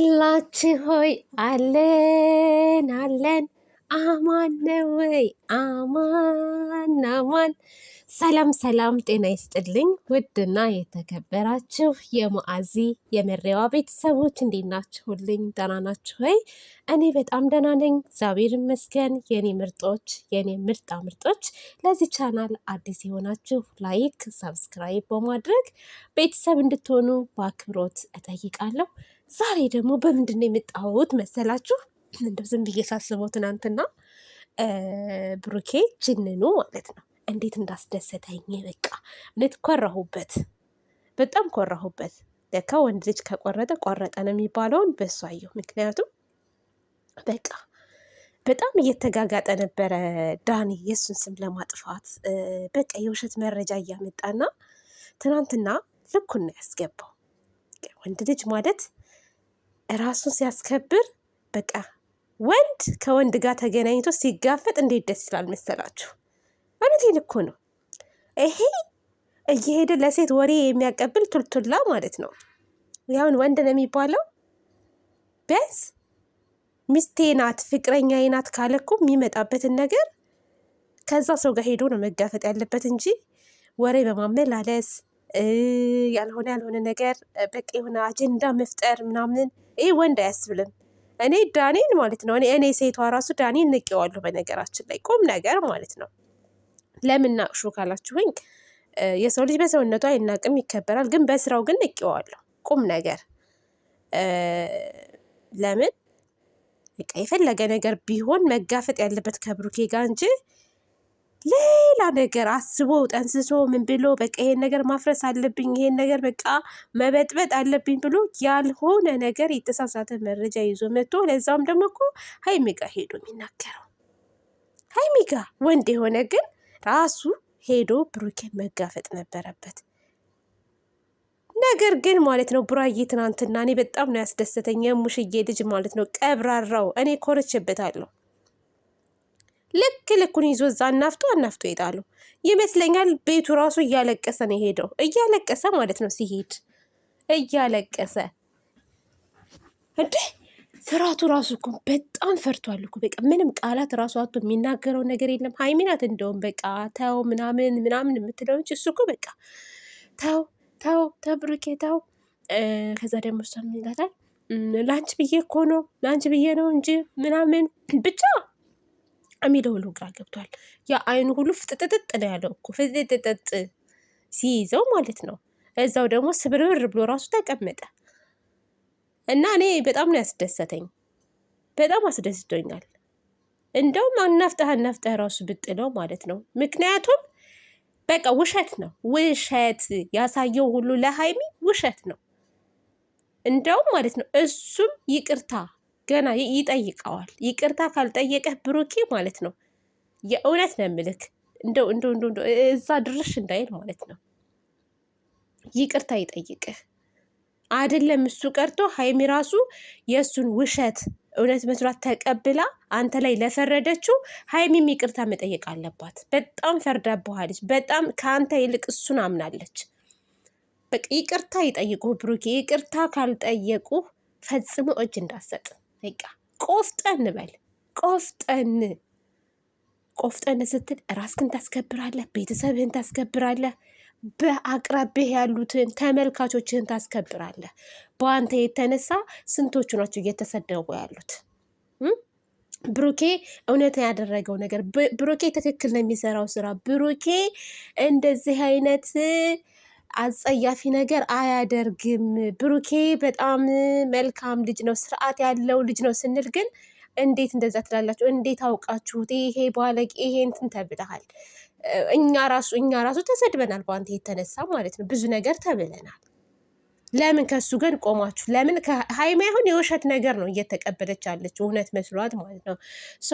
አላችሁ ሆይ አለን አለን አማን ነው ወይ? አማን አማን። ሰላም ሰላም፣ ጤና ይስጥልኝ ውድና የተከበራችሁ የማአዚ የመሪዋ ቤተሰቦች እንዴት ናችሁልኝ? ደህና ናችሁ እኔ በጣም ደህና ነኝ፣ እግዚአብሔር ይመስገን። የኔ ምርጦች፣ የኔ ምርጣ ምርጦች፣ ለዚህ ቻናል አዲስ የሆናችሁ ላይክ፣ ሰብስክራይብ በማድረግ ቤተሰብ እንድትሆኑ በአክብሮት እጠይቃለሁ። ዛሬ ደግሞ በምንድን ነው የመጣሁት መሰላችሁ? እንደው ዝም ብዬ ሳስበው ትናንትና ብሩኬ ጅንኑ ማለት ነው እንዴት እንዳስደሰተኝ በቃ እውነት ኮራሁበት፣ በጣም ኮራሁበት። ለካ ወንድ ልጅ ከቆረጠ ቆረጠ ነው የሚባለውን በሱ አየሁ። ምክንያቱም በቃ በጣም እየተጋጋጠ ነበረ ዳኒ የእሱን ስም ለማጥፋት በቃ የውሸት መረጃ እያመጣና ትናንትና ልኩን ነው ያስገባው። ወንድ ልጅ ማለት ራሱን ሲያስከብር በቃ ወንድ ከወንድ ጋር ተገናኝቶ ሲጋፈጥ እንዴት ደስ ይላል መሰላችሁ? እውነቴን እኮ ነው። ይሄ እየሄደ ለሴት ወሬ የሚያቀብል ቱልቱላ ማለት ነው። ያሁን ወንድ ነው የሚባለው ቢያንስ ሚስቴ ናት ፍቅረኛ ናት ካለ እኮ የሚመጣበትን ነገር ከዛ ሰው ጋር ሄዶ ነው መጋፈጥ ያለበት እንጂ ወሬ በማመላለስ ያልሆነ ያልሆነ ነገር በቃ የሆነ አጀንዳ መፍጠር ምናምን ይህ ወንድ አያስብልም። እኔ ዳኔን ማለት ነው እኔ ሴቷ ራሱ ዳኔን ንቄዋለሁ። በነገራችን ላይ ቁም ነገር ማለት ነው። ለምን ናቅሹ ካላችሁኝ የሰው ልጅ በሰውነቱ አይናቅም ይከበራል። ግን በስራው ግን ንቄዋለሁ። ቁም ነገር ለምን በቃ የፈለገ ነገር ቢሆን መጋፈጥ ያለበት ከብሩኬ ጋር እንጂ ሌላ ነገር አስቦ ጠንስሶ ምን ብሎ በቃ ይሄን ነገር ማፍረስ አለብኝ፣ ይሄን ነገር በቃ መበጥበጥ አለብኝ ብሎ ያልሆነ ነገር የተሳሳተ መረጃ ይዞ መጥቶ ለዛውም ደግሞ እኮ ሀይሚ ጋ ሄዶ የሚናገረው ሀይሚ ጋ ወንድ የሆነ ግን ራሱ ሄዶ ብሩኬን መጋፈጥ ነበረበት። ነገር ግን ማለት ነው ቡራዬ ትናንትና እኔ በጣም ነው ያስደሰተኝ። የሙሽዬ ልጅ ማለት ነው ቀብራራው እኔ ኮርቼበታለሁ። ልክ ልኩን ይዞ እዛ አናፍቶ አናፍቶ ይጣሉ ይመስለኛል። ቤቱ ራሱ እያለቀሰ ነው የሄደው። እያለቀሰ ማለት ነው ሲሄድ እያለቀሰ እንዴ ፍርሃቱ ራሱ እኮ በጣም ፈርቷል እኮ በቃ ምንም ቃላት ራሱ አቶ የሚናገረው ነገር የለም። ሀይሚናት እንደውም በቃ ተው ምናምን ምናምን የምትለው እንጂ እሱ እኮ በቃ ተው ተው ተብሩኬ ተው። ከዛ ደግሞ እሷ ምን ይላታል? ብዬ እኮ ነው ላንች ብዬ ነው እንጂ ምናምን ብቻ የሚለው ሁሉ ግራ ገብቷል። ያ አይኑ ሁሉ ፍጥጥጥጥ ነው ያለው እኮ ፍጥጥጥጥ ሲይዘው ማለት ነው። እዛው ደግሞ ስብርብር ብሎ ራሱ ተቀመጠ እና እኔ በጣም ነው ያስደሰተኝ። በጣም አስደስቶኛል። እንደውም አናፍጠህ አናፍጠህ ራሱ ብጥለው ማለት ነው። ምክንያቱም በቃ ውሸት ነው ውሸት ያሳየው ሁሉ ለሀይሚ ውሸት ነው። እንደውም ማለት ነው እሱም ይቅርታ ገና ይጠይቀዋል። ይቅርታ ካልጠየቀህ ብሩኬ ማለት ነው የእውነት ነው የምልክ እንደው እንደው እንደው እዛ ድርሽ እንዳይል ማለት ነው ይቅርታ ይጠይቅህ። አይደለም እሱ ቀርቶ ሀይሚ ራሱ የእሱን ውሸት እውነት መስራት ተቀብላ አንተ ላይ ለፈረደችው ሀይሚም ይቅርታ መጠየቅ አለባት። በጣም ፈርዳብሃለች። በጣም ከአንተ ይልቅ እሱን አምናለች። በቃ ይቅርታ ይጠይቁህ ብሩኬ። ይቅርታ ካልጠየቁ ፈጽሞ እጅ እንዳሰጥ በቃ ቆፍጠን በል ቆፍጠን ቆፍጠን ስትል ራስክን ታስከብራለህ፣ ቤተሰብህን ታስከብራለህ፣ በአቅራቢህ ያሉትን ተመልካቾችህን ታስከብራለህ። በአንተ የተነሳ ስንቶቹ ናቸው እየተሰደቡ ያሉት? ብሩኬ እውነት ያደረገው ነገር ብሩኬ ትክክል ነው የሚሰራው ስራ ብሩኬ እንደዚህ አይነት አጸያፊ ነገር አያደርግም። ብሩኬ በጣም መልካም ልጅ ነው፣ ስርዓት ያለው ልጅ ነው ስንል ግን እንዴት እንደዛ ትላላችሁ? እንዴት አውቃችሁት? ይሄ ባለቂ ይሄ እንትን ተብለሃል። እኛ ራሱ እኛ ራሱ ተሰድበናል በአንተ የተነሳ ማለት ነው። ብዙ ነገር ተብለናል። ለምን ከሱ ግን ቆማችሁ? ለምን ሀይማ ይሁን የውሸት ነገር ነው እየተቀበለች ያለችው እውነት መስሏት ማለት ነው ሶ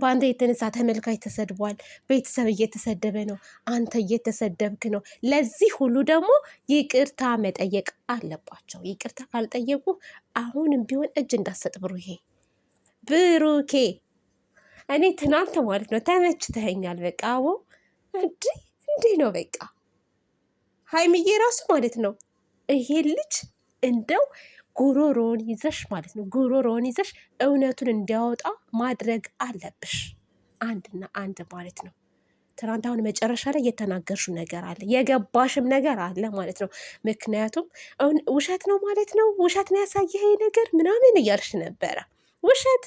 በአንተ የተነሳ ተመልካች ተሰድቧል፣ ቤተሰብ እየተሰደበ ነው፣ አንተ እየተሰደብክ ነው። ለዚህ ሁሉ ደግሞ ይቅርታ መጠየቅ አለባቸው። ይቅርታ ካልጠየቁ አሁንም ቢሆን እጅ እንዳሰጥ ብሩኬ፣ ብሩኬ እኔ ትናንት ማለት ነው ተመችተኸኛል። በቃ አቦ እንዲህ እንዲህ ነው በቃ ሀይምዬ ራሱ ማለት ነው ይሄ ልጅ እንደው ጉሮሮን ይዘሽ ማለት ነው ጉሮሮን ይዘሽ እውነቱን እንዲያወጣ ማድረግ አለብሽ። አንድና አንድ ማለት ነው። ትናንት አሁን መጨረሻ ላይ የተናገርሽው ነገር አለ የገባሽም ነገር አለ ማለት ነው። ምክንያቱም ውሸት ነው ማለት ነው ውሸት ነው ያሳየኸኝ ነገር ምናምን እያልሽ ነበረ ውሸት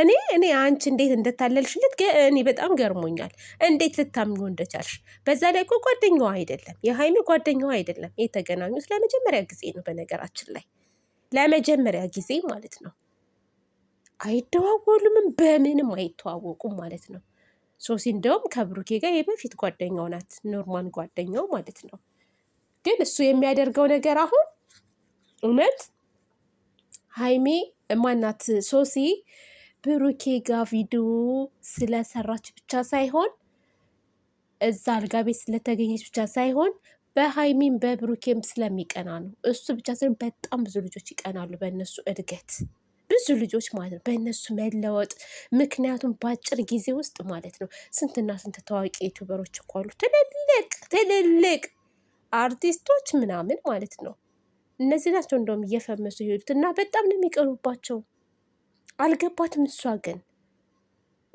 እኔ እኔ አንቺ እንዴት እንደታለልሽለት እኔ በጣም ገርሞኛል። እንዴት ልታምኙ እንደቻልሽ? በዛ ላይ እኮ ጓደኛዋ አይደለም የሀይሚ ጓደኛዋ አይደለም። የተገናኙት ለመጀመሪያ ጊዜ ነው በነገራችን ላይ ለመጀመሪያ ጊዜ ማለት ነው። አይደዋወሉምም፣ በምንም አይተዋወቁም ማለት ነው። ሶሲ እንደውም ከብሩኬ ጋር የበፊት ጓደኛው ናት፣ ኖርማን ጓደኛው ማለት ነው። ግን እሱ የሚያደርገው ነገር አሁን እውነት ሀይሚ ማናት ሶሲ ብሩኬ ጋር ቪዲዮ ስለሰራች ብቻ ሳይሆን እዛ አልጋ ቤት ስለተገኘች ብቻ ሳይሆን በሀይሚን በብሩኬም ስለሚቀና ነው። እሱ ብቻ ሳይሆን በጣም ብዙ ልጆች ይቀናሉ በእነሱ እድገት፣ ብዙ ልጆች ማለት ነው በእነሱ መለወጥ። ምክንያቱም በአጭር ጊዜ ውስጥ ማለት ነው ስንትና ስንት ታዋቂ ዩቱበሮች እኮ አሉ፣ ትልልቅ ትልልቅ አርቲስቶች ምናምን ማለት ነው። እነዚህ ናቸው እንደውም እየፈመሱ ይሄዱት እና በጣም ነው የሚቀኑባቸው። አልገባትም። እሷ ግን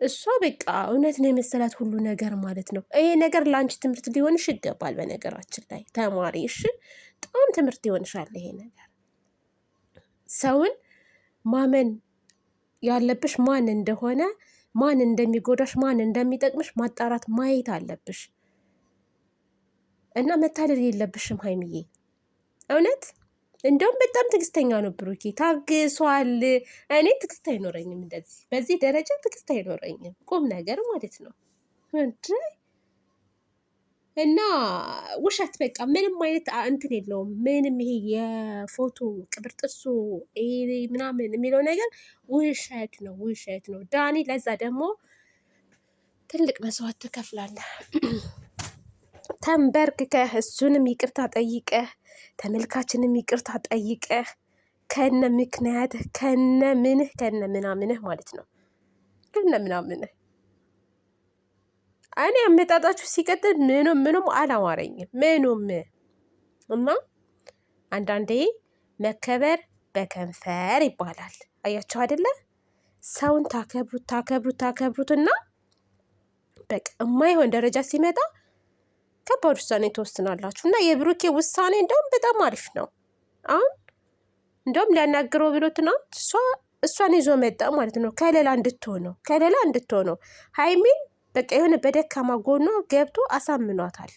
እሷ በቃ እውነት ነው የመሰላት ሁሉ ነገር ማለት ነው። ይሄ ነገር ለአንቺ ትምህርት ሊሆንሽ ይገባል። በነገራችን ላይ ተማሪ እሺ፣ በጣም ትምህርት ይሆንሻል ይሄ ነገር። ሰውን ማመን ያለብሽ ማን እንደሆነ፣ ማን እንደሚጎዳሽ፣ ማን እንደሚጠቅምሽ ማጣራት ማየት አለብሽ እና መታደል የለብሽም ሀይምዬ እውነት እንደውም በጣም ትዕግስተኛ ነው ብሩኬ፣ ታግሷል። እኔ ትዕግስት አይኖረኝም፣ እንደዚህ በዚህ ደረጃ ትዕግስት አይኖረኝም። ቁም ነገር ማለት ነው እና ውሸት በቃ ምንም አይነት እንትን የለውም። ምንም ይሄ የፎቶ ቅብር ጥርሱ ምናምን የሚለው ነገር ውሸት ነው፣ ውሸት ነው ዳኒ። ለዛ ደግሞ ትልቅ መስዋዕት ትከፍላለህ። ተንበርክከህ እሱንም ይቅርታ ጠይቀህ ተመልካችንም ይቅርታ ጠይቀህ ከነ ምክንያትህ ከነ ምንህ ከነ ምናምንህ ማለት ነው። ከነ ምናምንህ እኔ አመጣጣችሁ ሲቀጥል ምኑም ምኑም አላማረኝም ምኑም እና አንዳንዴ መከበር በከንፈር ይባላል። አያችሁ አይደለ? ሰውን ታከብሩት ታከብሩት ታከብሩትና በቃ የማይሆን ደረጃ ሲመጣ ከባድ ውሳኔ ትወስናላችሁ እና የብሩኬ ውሳኔ እንደውም በጣም አሪፍ ነው። አሁን እንደውም ሊያናግረው ብሎ ትናንት እሷ እሷን ይዞ መጣ ማለት ነው። ከሌላ እንድትሆነው ከሌላ እንድትሆነው ሀይሚን በቃ የሆነ በደካማ ጎኗ ገብቶ አሳምኗታል።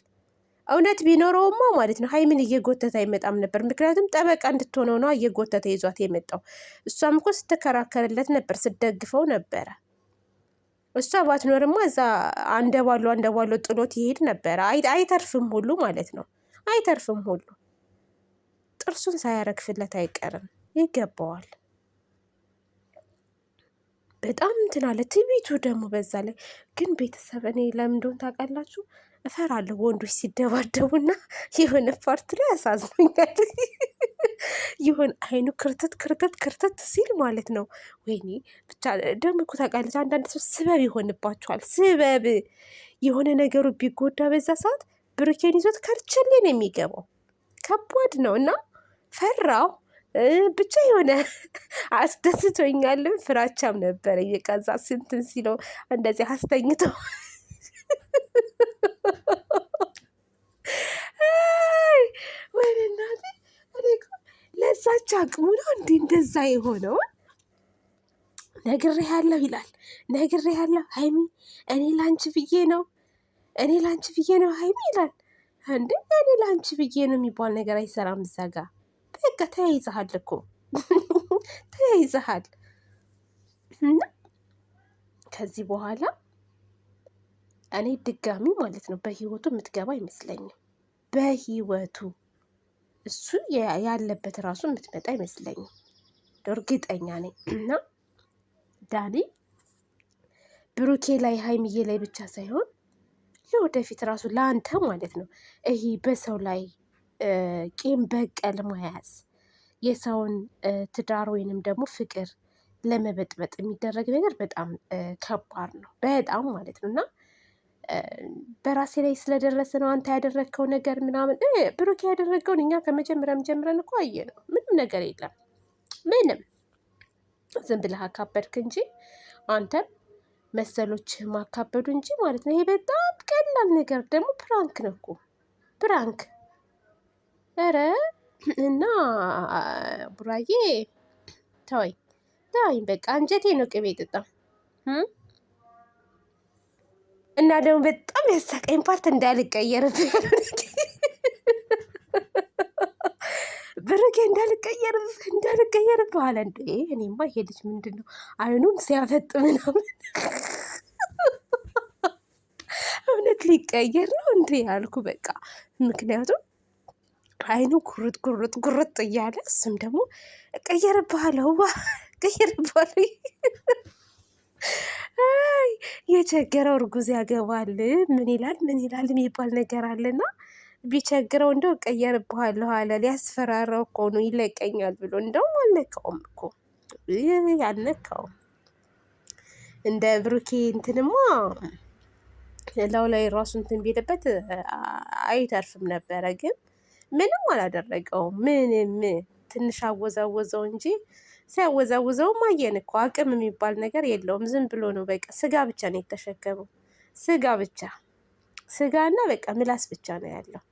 እውነት ቢኖረውማ ማለት ነው ሀይሚን እየጎተተ አይመጣም ነበር። ምክንያቱም ጠበቃ እንድትሆነው ነው እየጎተተ ይዟት የመጣው። እሷም እኮ ስትከራከርለት ነበር፣ ስደግፈው ነበረ። እሷ ባትኖርማ እዛ አንደባሎ አንደባሎ ጥሎት ይሄድ ነበረ። አይተርፍም ሁሉ ማለት ነው። አይተርፍም ሁሉ ጥርሱን ሳያረግፍለት አይቀርም። ይገባዋል። በጣም እንትን አለ። ትዕቢቱ ደግሞ በዛ ላይ ግን ቤተሰብ እኔ ለምን እንደሆነ ታውቃላችሁ እፈራለሁ ወንዶች ሲደባደቡና የሆነ ፓርት ላይ ያሳዝኑኛል። ይሆን አይኑ ክርትት ክርትት ክርትት ሲል ማለት ነው። ወይኔ ብቻ ደግሞ እኮ ታውቃለች፣ አንዳንድ ሰው ስበብ ይሆንባቸዋል። ስበብ የሆነ ነገሩ ቢጎዳ በዛ ሰዓት ብሩኬን ይዞት ከርችልን የሚገባው ከባድ ነው እና ፈራው ብቻ የሆነ አስደስቶኛልም፣ ፍራቻም ነበረ። እየቀዛ ስንትን ሲለው እንደዚህ አስተኝተው ወይ እናቴ ለዛች አቅሙ ነው እንዲ እንደዛ የሆነው? ነግሬ ያለሁ ይላል። ነግሬ ያለሁ ሀይሚ፣ እኔ ላንቺ ብዬ ነው፣ እኔ ላንቺ ብዬ ነው ሀይሚ ይላል። እንዴ እኔ ላንቺ ብዬ ነው የሚባል ነገር አይሰራም ዘጋ በቃ ተያይዘሃል እኮ ተያይዘሃል። እና ከዚህ በኋላ እኔ ድጋሚ ማለት ነው በህይወቱ የምትገባ አይመስለኝም በህይወቱ እሱ ያለበት ራሱ የምትመጣ አይመስለኝም፣ እርግጠኛ ነኝ። እና ዳኒ ብሩኬ ላይ ሀይሚዬ ላይ ብቻ ሳይሆን ለወደፊት ራሱ ለአንተ ማለት ነው ይሄ በሰው ላይ ቂም በቀል መያዝ የሰውን ትዳር ወይንም ደግሞ ፍቅር ለመበጥበጥ የሚደረግ ነገር በጣም ከባድ ነው። በጣም ማለት ነው እና በራሴ ላይ ስለደረሰ ነው አንተ ያደረግከው ነገር ምናምን። ብሩክ ያደረገውን እኛ ከመጀመሪያም ጀምረን እኮ አየ ነው። ምንም ነገር የለም ምንም ዝም ብለህ አካበድክ እንጂ አንተም መሰሎች ማካበዱ እንጂ ማለት ነው። ይሄ በጣም ቀላል ነገር ደግሞ ፕራንክ ነው እኮ ፕራንክ። ኧረ እና ቡራዬ ተወኝ ተወኝ፣ በቃ አንጀቴ ነው ቅቤ ጥጣ እና ደግሞ በጣም ያሳቀኝ ፓርት እንዳልቀየርብህ ብሩኬ እንዳልቀየር እንዳልቀየር በኋላ እንደ እኔማ ይሄ ልጅ ምንድን ነው አይኑም ሲያፈጥ ምናምን እውነት ሊቀየር ነው እንዴ ያልኩ በቃ። ምክንያቱም አይኑ ጉርጥ ጉርጥ ጉርጥ እያለ እሱም ደግሞ ቀየር በኋላ ዋ ቀየር በኋላ የቸገረው እርጉዝ ያገባል ምን ይላል ምን ይላል የሚባል ነገር አለና ቢቸግረው እንደው እቀየርብሃለሁ አለ። ሊያስፈራራው እኮ ነው ይለቀኛል ብሎ እንደውም አልነካውም እኮ ያልነካውም እንደ ብሩኬ እንትንማ ላው ላይ ራሱ እንትን ቢልበት አይተርፍም ነበረ። ግን ምንም አላደረገው ምንም ትንሽ አወዛወዘው እንጂ ሲያወዛውዘው ማየን እኮ አቅም የሚባል ነገር የለውም። ዝም ብሎ ነው በቃ ስጋ ብቻ ነው የተሸከመው። ስጋ ብቻ ስጋ እና በቃ ምላስ ብቻ ነው ያለው።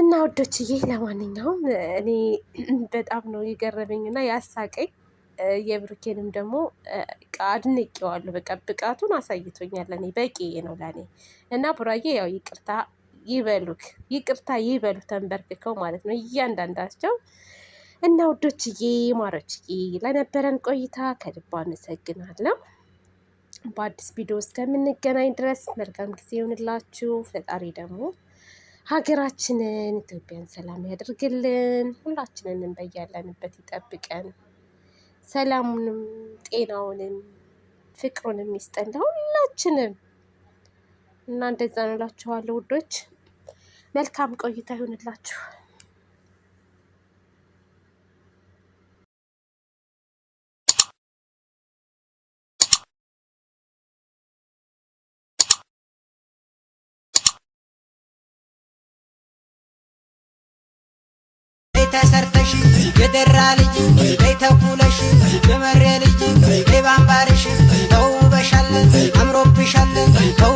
እና ወዶችዬ ለማንኛውም እኔ በጣም ነው የገረመኝና ያሳቀኝ የብሩኬንም ደግሞ አድንቄዋለሁ። በቃ ብቃቱን አሳይቶኛል። እኔ በቂ ነው ለኔ እና ቡራዬ ያው ይቅርታ ይበሉክ ይቅርታ ይበሉ ተንበርክከው ማለት ነው እያንዳንዳቸው እና ውዶችዬ ማሮችዬ ለነበረን ቆይታ ከልባ አመሰግናለሁ። በአዲስ ቪዲዮ እስከምንገናኝ ድረስ መልካም ጊዜ ይሆንላችሁ። ፈጣሪ ደግሞ ሀገራችንን ኢትዮጵያን ሰላም ያደርግልን፣ ሁላችንንም በያለንበት ይጠብቀን፣ ሰላሙንም ጤናውንም ፍቅሩንም ይስጠን ለሁላችንም እና እንደዛ ነው እላችኋለሁ ውዶች። መልካም ቆይታ ይሆንላችሁ። ተሰርተሽ የደራ ልጅ በይ የመሬ ልጅ በይ ባምባርሽ ተውበሻለን አምሮብሻለን ተው